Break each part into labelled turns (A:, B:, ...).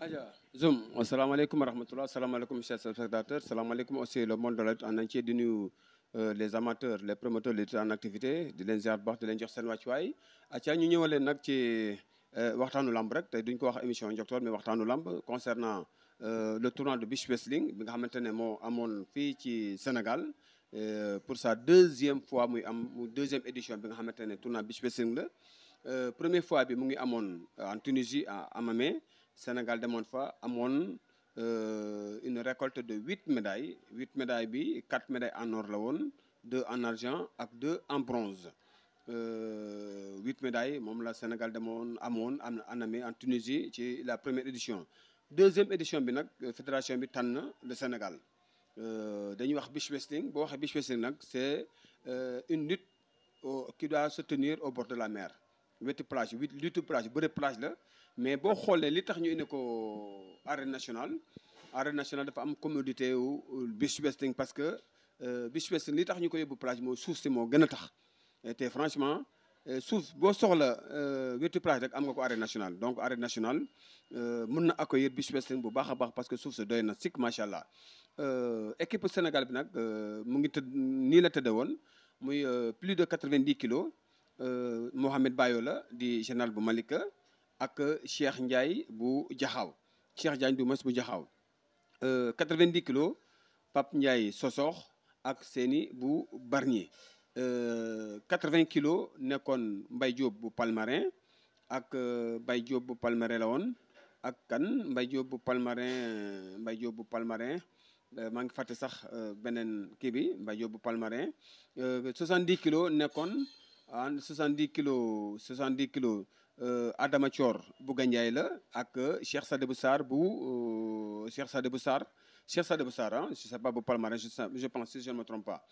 A: Aja, Zoom, assalamu alaikum rahmatullah, assalamu alaikum chers spectateurs, assalamu alaikum aussi le monde de la en entier de nous, euh, les amateurs, les promoteurs de lutte en activité, de l'Inzer Bach, de l'Inzer Sen Wachuay. Atia, nous sommes allés nak ci euh, waxtanu lamb rek tay duñ ko wax émission njoktor mais waxtanu lamb concernant euh, le tournoi de beach wrestling bi nga xamantene mo amone fi ci Sénégal euh, pour sa deuxième fois muy am deuxième édition bi nga xamantene tournoi beach wrestling la euh, première fois bi mu ngi amone en Tunisie à Mamé. Sénégal de Montfa Amon, euh, une récolte de 8 médailles. 8 médailles, bi, 4 médailles en or, 2 en argent et 2 en bronze. Euh, 8 médailles, mon, la Sénégal de Montfort Amon, en, Tunisie, c'est la première édition. Deuxième édition, la Fédération Bitan, le Sénégal. Euh, c'est euh, une lutte qui doit se tenir au bord de la mer. 8 plages, 8 luttes plages, beaucoup de plages mais bo xoolee li tax ñu indi ko arène nationale arène nationale dafa am commodité wu euh, beach wrestling parce que euh, beach wrestling li tax ñu ko yóbbu plage moy suuf si moo gën tax te franchement euh, souf bo soxla wetu plage rek am nga ko arène nationale donc arène nationale mën na accueillir beach wrestling bu baax baax parce que souf se doy na sikk macha équipe Sénégal bi nag mu ngi te ni la tëdde woon muy plus de 90 vingt euh kilos Mohamed Bayo la di général bu Malika ak Cheikh Ndiaye bu Jaxaw Cheikh Ndiaye du mas bu Jaxaw 90 kilo pap Ndiaye Sosox ak seni bu Barnier euh, 80 kilo nekon Mbaye Diop bu Palmarin ak euh, Mbaye Diop bu Palmarin la woon ak kan Mbaye Diop bu Palmarin euh, Mbaye Diop bu Palmarin ma ngi faté sax benen ki bi Mbaye Diop bu Palmarin 70 kilo nekon 70 kilo 70 kilo Euh, Adama Thior bu Gandiaye la ak euh, Cheikh Sadibou Sarr bu euh, Cheikh Sadibou Sarr Cheikh Sadibou Sarr ah je sais pas bu palmarès je pense si je ne me trompe pas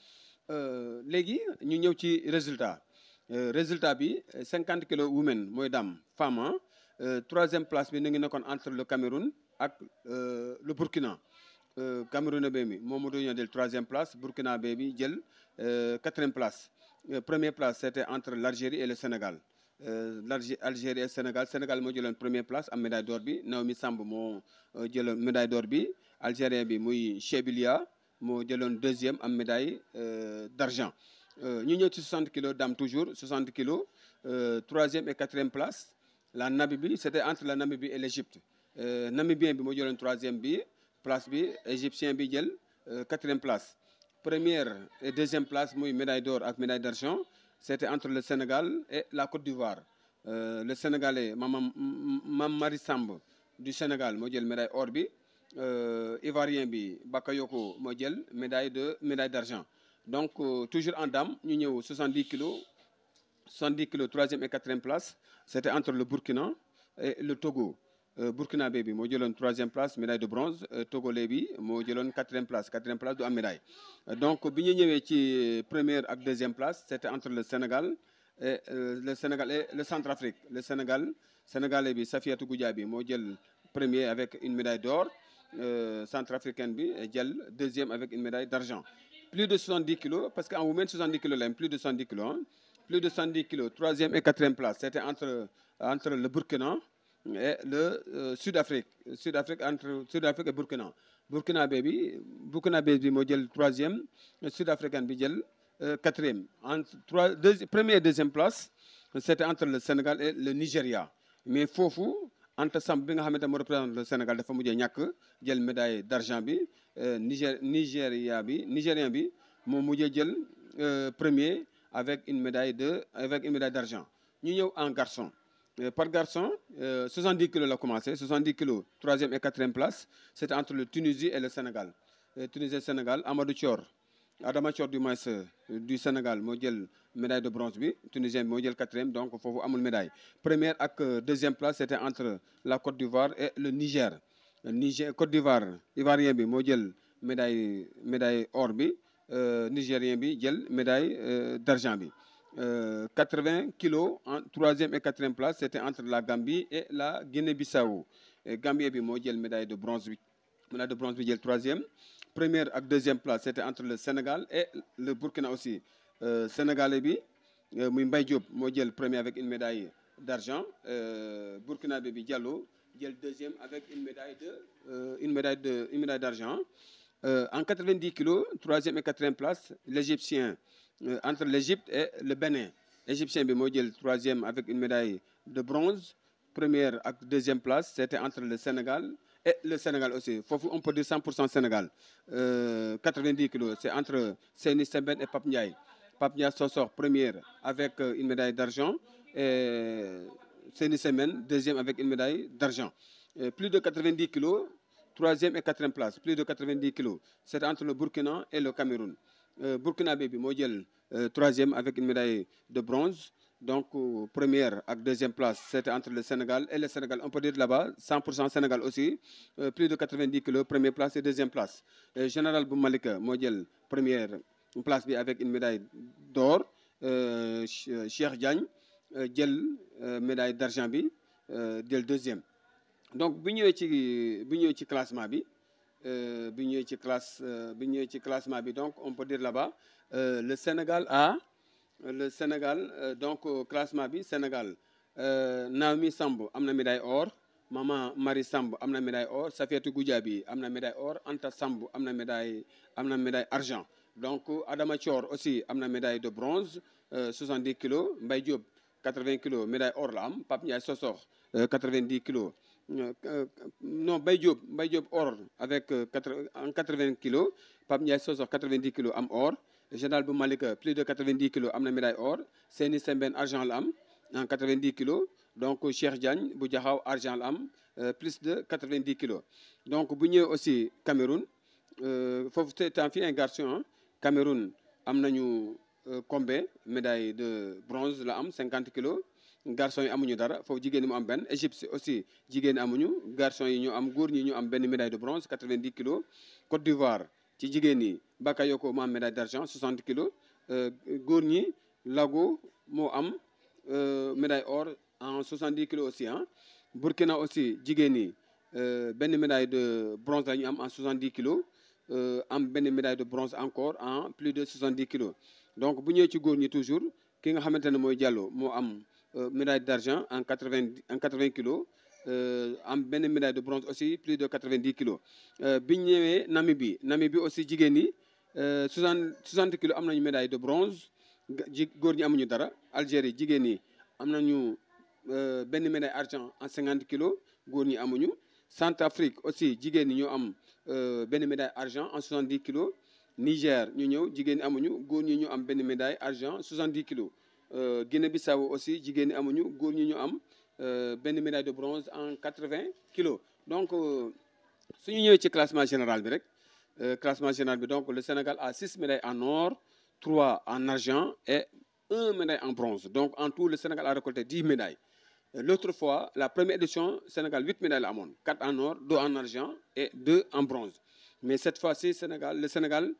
A: légui ñu ñëw ci résultat résultat bi 50 kg women moy dame femme hein. troisième place bi ñu ngi nekkoon entre le Cameroun ak le Burkina Cameroun bé mi Mamadou ñoo jël troisième place Burkina bé bi jël quatrième place première place c'était entre l'Algérie et le Sénégal euh, l'Algérie et Sénégal Sénégal a une première place en médaille d'or bi Naomi a eu une médaille d'or L'Algérie a bi une deuxième en médaille euh, d'argent euh, ñu Nous 60 kg d'âme toujours 60 kilos troisième et quatrième place la Namibie c'était entre la Namibie et l'Égypte Namibien a eu une troisième place bi a bi une quatrième place première et deuxième place une médaille d'or ak médaille d'argent c'était entre le Sénégal et la Côte d'Ivoire. Euh, le Sénégalais, Mam, Marie du Sénégal, modèle médaille Orbi. bi euh, Bakayoko modèle médaille de médaille d'argent. Donc euh, toujours en dame, nous avons 70 kilos, 70 kilos troisième et quatrième place. C'était entre le Burkina et le Togo. Euh, Burkina Baby, moo 3 troisième place médaille de bronze euh, togolais bi moo 4 quatrième place quatrième place de médaille euh, donc bi ñu première et deuxième place c'était entre le Sénégal et le Sénégal et le Centrafrique le Sénégal sénégalais bi Safiatou Goudia bi moo premier avec une médaille d'or centrafricaine bi jël deuxième avec une médaille d'argent plus de 70 kilos parce qu'en women 70 kilos plus de 110 kilos hein. plus de 70 kilos troisième et quatrième place c'était entre entre le Burkina et le euh, Sud-Afrique Sud-Afrique entre Sud-Afrique et Burkina Burkina Burkina Burkina Baby, bi moo le troisième sud j'ai bi jël euh, quatrième entre première et deuxième place c'était entre le Sénégal et le Nigeria. mais il faut, Sam bi nga moi représente le Sénégal dafa le ñàkk jël médaille d'argent bi euh, Niger Nigéria bi Nigérien bi j'ai mujjee jël premier avec une médaille de avec une médaille d'argent ñu en garçon. Euh, par garçon, 70 euh, kg l'a commencé, 70 kilos, troisième et quatrième place. C'était entre le Tunisie et le Sénégal. Et euh, Tunisie et Sénégal, Amadou Chor, Adama Chor du Maïs du Sénégal, modèle médaille de bronze bi Tunisien modèle donc quatrième donc avoir une médaille. première et deuxième place c'était entre la Côte d'Ivoire et le Niger. Niger Côte d'Ivoire Ivoirien modèle médaille médaille or bi Nigérien bi médaille d'argent 80 euh, kilos en troisième et quatrième place c'était entre la Gambie et la Guinée-Bissau Gambie a moo jël médaille de bronze médaille de bronze bi troisième première à deuxième place c'était entre le Sénégal et le Burkina aussi euh, Sénégalais euh, a Diop premier avec une médaille d'argent euh, Burkina bi Diallo jël deuxième avec une médaille euh, une médaille d'argent en 90 kilos troisième et quatrième place l'Égyptien euh, entre l'Égypte et le Bénin. L'Égyptien le troisième avec une médaille de bronze, première et deuxième place, c'était entre le Sénégal et le Sénégal aussi. on peut dire 100% Sénégal. 90 euh, kilos, c'est entre Séni et Pape Ndiaye. Pape sort première avec euh, une médaille d'argent et Séni Semen deuxième avec une médaille d'argent. plus de 90 kilos, troisième et quatrième place, plus de 90 kilos. C'est entre le Burkina et le Cameroun. Euh, Burkina Faso, Modèle jël euh, troisième avec une médaille de bronze donc euh, première et deuxième place c'était entre le Sénégal et le Sénégal on peut dire là-bas 100% Sénégal aussi plus de 90 kilos première place et deuxième place général Boumalika, Modèle place avec une médaille d'or Cheikh Diagne médaille d'argent bi deuxième donc bu ñëwee ci classement euh, classe euh, donc on peut dire là-bas euh, le Sénégal a le Sénégal donc classe bi Sénégal Naomi Sambo amna médaille or maman Marie Sambo amna médaille or Safiatou Goudjabi amna une médaille or Anta Sambo amna médaille médaille argent donc Adama Thior aussi amna médaille de bronze 70 kg Mbaye Diop 80 kg médaille or la am Pape 90 kg euh, euh, non, Baye Diop, or avec 80, euh, 80 kilos, Pam Ndiaye Sosa 90 kilos am or, Général Boumalik plus de 90 kilos am la médaille or, Séni Semben, argent l'âme en 90 kilos, donc Cher Diagne argent l'âme plus de 90 kilos. Donc a aussi Cameroun, faut que un un garçon, hein. Cameroun am médaille de bronze l'âme 50 kilos garçon yi amuñu dara foofu jigéen ñi mu am ben Égypte aussi jigéen amuñu garçon yi ñu am góor ñi ñu am ben médaille de bronze 90 kilos Côte d'Ivoire ci jigéen Bakayoko mo am médaille d'argent 60 kilos euh, góor Lago Moam, am euh, médaille or en 70 kilos aussi hein, Burkina aussi jigéen euh Ben médaille de bronze la ñu am en 70 kilos euh, am ben médaille de bronze encore en plus de 70 kilos donc bu ñëwee ci toujours ki nga xamantene Diallo euh, médaille d'argent en 80, en 80 kilos. Euh, médaille de bronze aussi plus de 90 kg euh, bi Namibie Namibie aussi jigéen Euh, 60 kg kilos médaille de bronze Gourni dara Algérie médaille argent en 50 kg Gourni ñi Centrafrique aussi jigéen ñi médaille argent en 70 kg Niger ñu ñëw Gourni amuñu argent 70 kg. Euh, Guinée-Bissau aussi, euh, médaille de bronze en 80 kg Donc, le euh, classement général, le Sénégal a 6 médailles en or, 3 en argent et 1 médaille en bronze. Donc, en tout, le Sénégal a récolté 10 médailles. L'autre fois, la première édition, Sénégal, 8 médailles 4 en or, 2 en argent et 2 en bronze. Mais cette fois-ci, le Sénégal,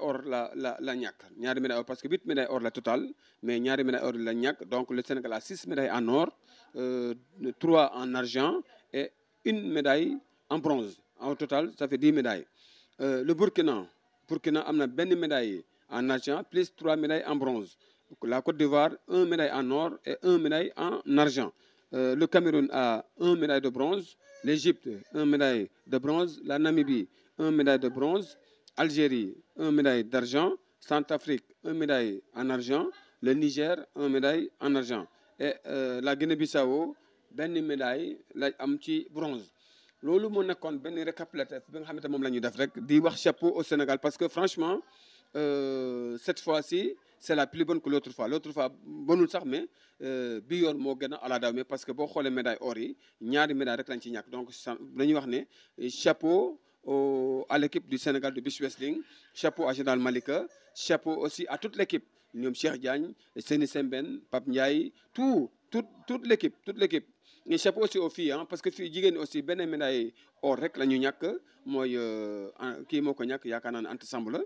A: or la, la, la parce que la totale, mais médaille or la Donc le Sénégal a 6 médailles en or, 3 euh, en argent et 1 médaille en bronze. En total, ça fait 10 médailles. Euh, le Burkina, Burkina a une médaille en argent plus 3 médailles en bronze. La Côte d'Ivoire, 1 médaille en or et 1 médaille en argent. Euh, le Cameroun a un médaille de bronze, l'Égypte, un médaille de bronze, la Namibie, un médaille de bronze, Algérie, un médaille d'argent, Centrafrique, un médaille en argent, le Niger, un médaille en argent. Et euh, la Guinée-Bissau, ben médaille la bronze. Lolu mo nekkoon ben récapitulatif bi nga xamné mom lañu def rek di wax chapeau au Sénégal parce que franchement euh, cette fois-ci c'est la plus bonne que l'autre fois l'autre fois bonul sax mais euh, parce que donc euh, chapeau à l'équipe du Sénégal de beach wrestling chapeau à Général Malika chapeau aussi à toute l'équipe Cheikh Diagne Semben, Pape Ndiaye tout toute l'équipe toute l'équipe chapeau aussi aux filles hein, parce que fii jigen aussi benn médaille or rek la ñu moy ki moko moo ko ñàkk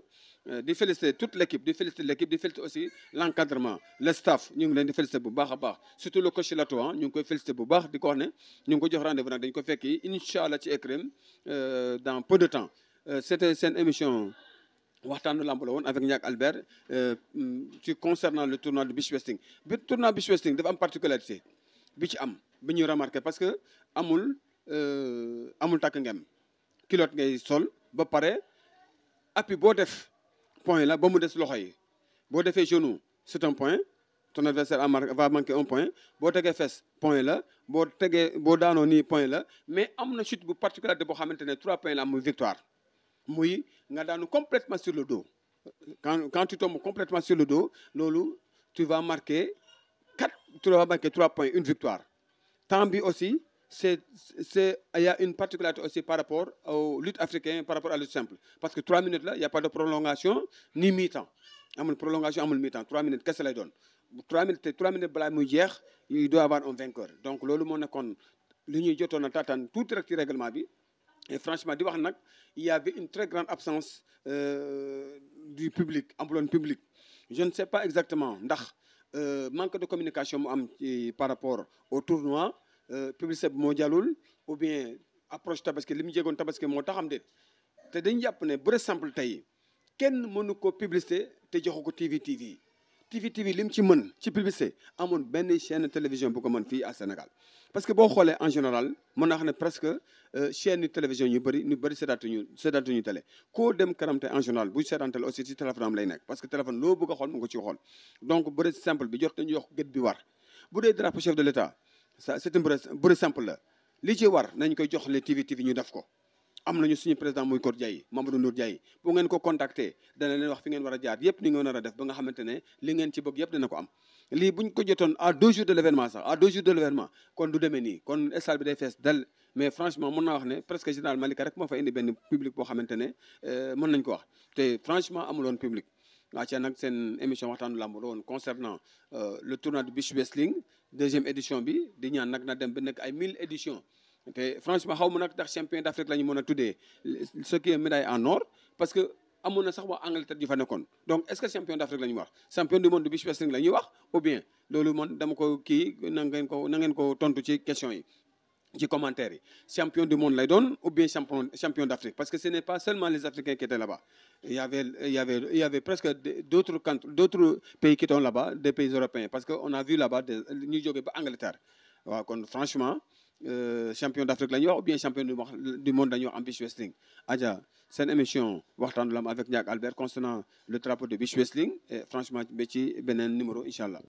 A: euh, di féliciter toute l'équipe, di féliciter l'équipe di féliciter aussi l'encadrement, le staff ñu ngi leen di féliciter bu baax baax surtout le coach Lato hein ñu ngi koy féliciter bu baax di ko xone ñu ngi ko jox rendez-vous nak dañ ko fekki inshallah ci Ekrem euh, dans peu de temps euh, c'était cette émission. waxtaanu lamb la woon avec ñak Albert mm, ci concernant le tournoi de beach bi tournoi beach dafa am particularité bi ci am bi ñu remarquer parce que amul euh, amul tak ngem culotte ngay sol ba paré appui bo def point là, ba mu dess loxoy bo boo genou c'est un point ton adversaire va manquer un point bo tegee fesses point là, bo tegee bo daano ni point là, mais amul chute bu particulière boo xamante ne trois points la victoire, victoire muy nga daanu complètement sur le dos quand quand tu tombes complètement sur le dos lolo, tu vas marquer 4 3 points, une victoire. Tambi aussi, il y a une particularité aussi par rapport aux luttes africaines, par rapport à la lutte simple. Parce que 3 minutes là, il n'y a pas de prolongation ni mi-temps. Il y a prolongation, il y a mi-temps. 3 minutes, qu'est-ce que ça donne 3 minutes, 3 minutes, il doit y avoir un vainqueur. Donc, c'est ce qu'on l'Union ñuy jotoon a attendu tout règlement et franchement il y avait une très grande absence euh, du public amuloon public je ne sais pas exactement ndax euh, manque de communication par rapport au tournoi euh, publicité mondiale ou bien approche tabaski de tabaski simple publicité TV TV. TV TV lim ci mën ci publicité amone ben chaîne télévision bu ko mën fi à Sénégal parce que bo xolé en général mën na xane presque euh, chaîne télévision yu bëri ñu bëri seetaatuñu seetaatuñu télé ko dem karamté en général bu seetaan aussi ci téléphone am lay nek parce que téléphone lo bëgg a mu ko ci xol donc bëri simple bi jot nañu yox gët bi war bu dé drapeau chef de l'État ça c'est un bëri simple la li ci war nañ koy jox les TV TV ñu daf ko am nañu suñu président muy Kor Diaye Mamadou Ndour Diaye bu ngeen ko contacter dana leen wax fi ngeen wara jaar yépp ni ngeen wara def ba nga xamantene li ngeen ci bëgg yépp dina ko am li buñ ko jotoon à deux jours de l'événement sax à deux jours de l'événement kon du demee nii kon estal bi day fess dal mais franchement mën naa wax ne presque général Malika rek moo fa indi benn public boo xamante ne euh, mën nañ ko wax te franchement amuloon public waaw nag seen émission waxtaanu làmb la woon concernant euh, le tournoi du beach wrestling deuxième édition bi di ñaan nag na dem ba nekk ay mille éditions franchement je suis champion d'Afrique de la ce qui est médaille en or parce que amuna sax wa Angleterre yu fa nekkoon donc est ce que champion d'Afrique de wax champion du monde de wrestling la ou bien je mon dama ko ki na ko autant de ko tontu ci question champion du monde lay donne ou bien champion champion d'Afrique parce que ce n'est pas seulement les Africains qui étaient là-bas il y avait il y avait il y avait presque d'autres pays qui étaient là-bas des pays européens parce qu'on a vu là-bas des ñu jógee ba Angleterre franchement euh, champion d'Afrique Afrique ou bien champion du monde en Bish wrestling. Adja une émission avec Niak Albert concernant le drapeau de Bich wrestling franchement Béchi, ci numéro Inch'Allah